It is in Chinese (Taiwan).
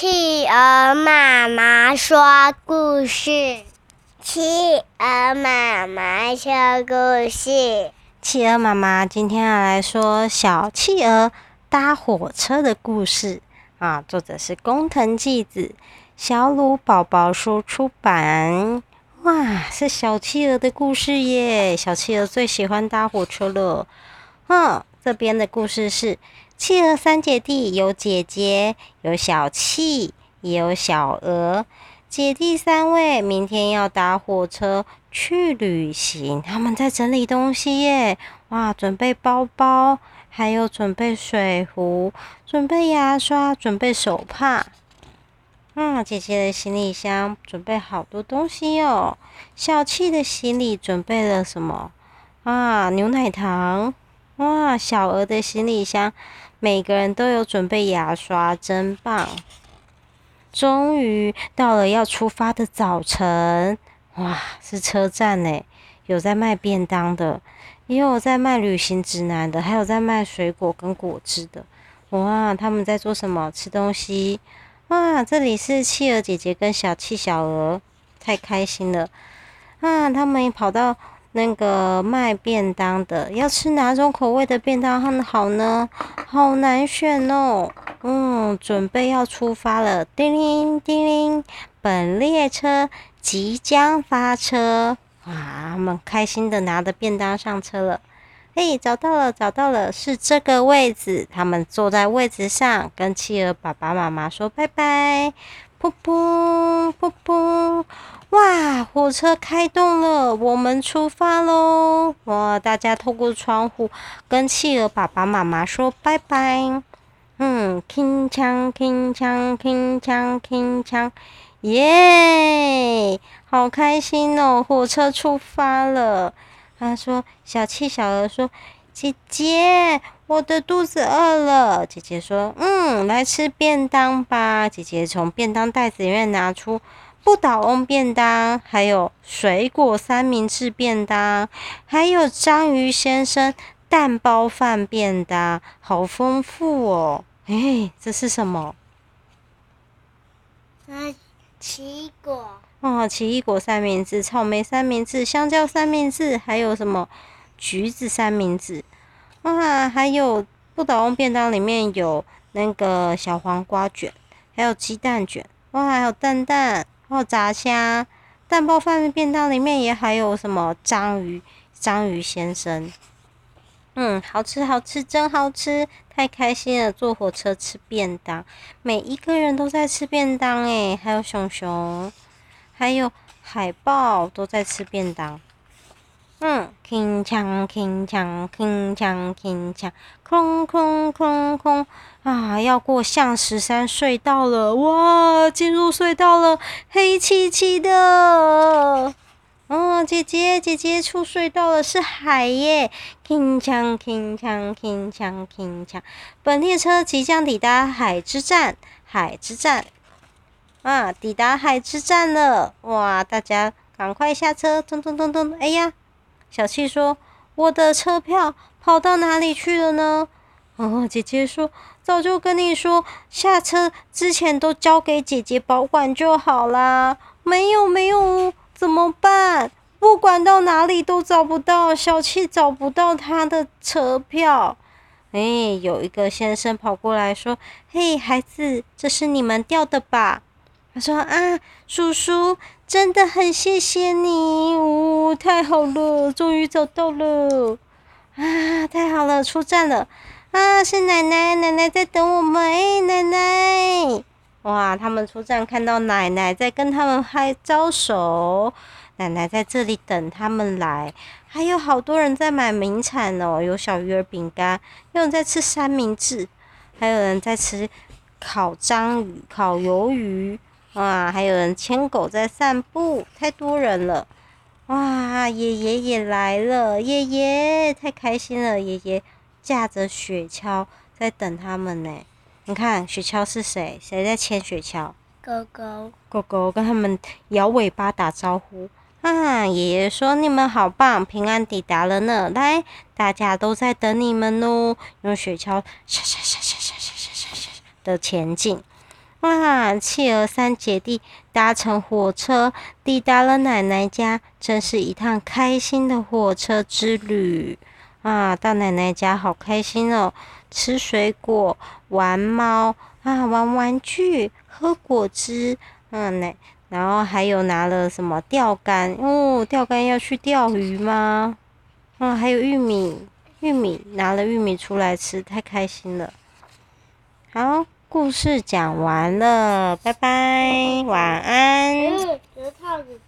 企鵝媽媽說故事，企鵝媽媽說故事。企鵝媽媽今天要來說小企鵝搭火車的故事啊，作者是工藤紀子，小魯寶寶書出版。哇，是小企鵝的故事耶！小企鵝最喜歡搭火車了。嗯，這邊的故事是。企鵝三姐弟有姐姐，有小企，也有小鵝。姐弟三位明天要搭火車去旅行，他們在整理東西耶！哇，準備包包，還有準備水壺，準備牙刷，準備手帕。嗯，姐姐的行李箱準備好多東西哦。小企的行李準備了什麼？啊，牛奶糖。哇，小鵝的行李箱。每個人都有準備牙刷，真棒！終於到了要出發的早晨，哇，是車站哎，有在賣便當的，也有在賣旅行指南的，還有在賣水果跟果汁的，哇，他們在做什麼？吃東西。哇、啊，這裡是企鵝姐姐跟小企小鵝，太開心了。啊，他們跑到。那個賣便當的，要吃哪種口味的便當更好呢？好難選哦。嗯，準備要出發了。叮鈴叮鈴，本列車即將發車。哇，他們開心的拿着便當上車了。嘿，找到了，找到了，是這個位置。他們坐在位置上，跟企鵝爸爸媽媽說拜拜。噗噗噗噗。哇，火車開動了，我們出發嘍！哇，大家透過窗戶跟企鵝爸爸媽媽說拜拜。嗯，鏗鏘，鏗鏘，鏗鏘，鏗鏘，耶，好開心哦！火車出發了。他說：“小企，小鵝說。”姐姐，我的肚子餓了。姐姐說：“嗯，來吃便當吧。”姐姐從便當袋子裡面拿出不倒翁便當，還有水果三明治便當，還有章魚先生蛋包飯便當，好豐富哦！哎，這是什麼？啊，奇異果。哦，奇異果三明治、草莓三明治、香蕉三明治，還有什麼？橘子三明治，哇，還有不倒翁便當裡面有那個小黃瓜卷，還有雞蛋卷，哇，還有蛋蛋，還有炸蝦。蛋包飯便當裡面也還有什麼章魚，章魚先生。嗯，好吃，好吃，真好吃！太開心了，坐火車吃便當，每一個人都在吃便當哎，欸，還有熊熊，還有海豹都在吃便當。嗯，鏗鏘鏗鏘鏗鏘鏗鏘，空空空空啊！要過像十三隧道了，哇！進入隧道了，黑漆漆的。哦，姐姐姐姐，出隧道了，是海耶！鏗鏘鏗鏘鏗鏘鏗鏘，本列車即將抵達海之站，海之站。啊，抵達海之站了，哇！大家趕快下車，咚咚咚咚！哎呀！小七說：“我的車票跑到哪裡去了呢？”哦，姐姐說：“早就跟你說，下車之前都交給姐姐保管就好啦。”沒有，沒有，怎麼辦？不管到哪裡都找不到，小七找不到他的車票。哎，有一個先生跑過來說：“嘿，孩子，這是你們掉的吧？”他說：“啊，叔叔。”真的很謝謝你，嗚、哦，太好了，終於找到了，啊，太好了，出站了，啊，是奶奶，奶奶在等我們，欸、奶奶，哇，他們出站看到奶奶在跟他們拍招手，奶奶在這裡等他們來，還有好多人在買名產哦，有小魚兒餅乾，有人在吃三明治，還有人在吃烤章魚、烤魷魚。哇，還有人牽狗在散步，太多人了！哇，爺爺也來了，爺爺太開心了。爺爺駕着雪橇在等他們呢、欸。你看，雪橇是誰？誰在牽雪橇？狗狗。狗狗跟他們搖尾巴打招呼。哈，爺爺說：“你們好棒，平安抵達了呢。”來，大家都在等你們嘍。用雪橇沙沙沙沙沙沙沙沙的前進。哇、啊！企鵝三姐弟搭乘火車抵達了奶奶家，真是一趟開心的火車之旅啊！到奶奶家好開心哦，吃水果、玩貓啊，玩玩具、喝果汁，嗯、啊、奶然後還有拿了什麼釣竿？哦，釣竿要去釣魚嗎？哦、啊，還有玉米，玉米拿了玉米出來吃，太開心了。好。故事講完了，拜拜，晚安。嗯嗯嗯